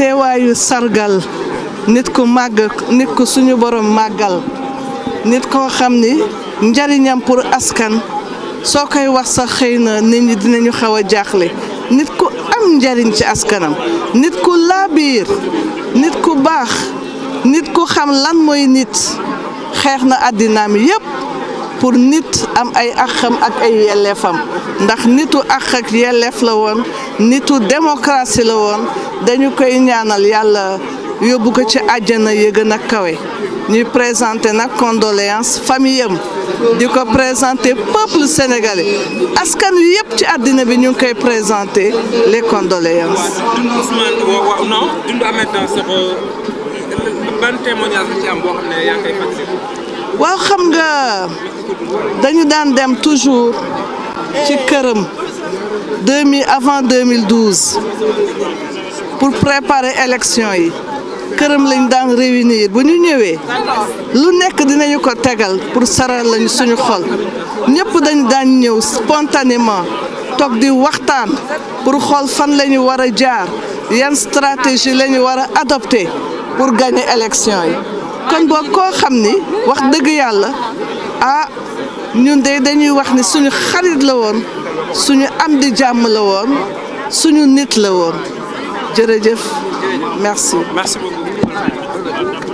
teewaayu sargal nit ku màgg nit ku suñu borom màggal nit koo xam ni njariñam pour askan soo koy wax sa xëy na nit ñi dinañu xaw a jaaxle nit ku am njariñ ci askanam nit ku laabiir nit ku baax nit ku xam lan mooy nit xeex na àddinaam yépp pour nit am ay axam ak ay yelleefam ndax nitu ax ak yelleef la woon nitu démocratie la woon dañu koy ñaanal yàlla yóbbu ko ci àjjana ya gën a kawe ñuy présenter nag condoléance famille am di ko présenter peuple sénégalais askan wi yëpp ci àddina bi ñu koy présenter les condoléances. ban xam nga dañu daan dem toujours ci këram 2000 avant 2012. pour préparer élection yi këram lañ daan réunir bu ñu ñëwee lu nekk dinañu ko tegal pour saral lañ suñu xol ñëpp dañ daan ñëw spontanément toog di waxtaan pour xool fan la ñu war a jaar yan stratégie lañu ñu war a adopté pour gagner élection yi kon boo koo xam ni wax dëgg yàlla ah ñun de dañuy wax ni suñu xarit la woon suñu am di jàmm la woon suñu nit la woon jërëjëf merci merci beaucoup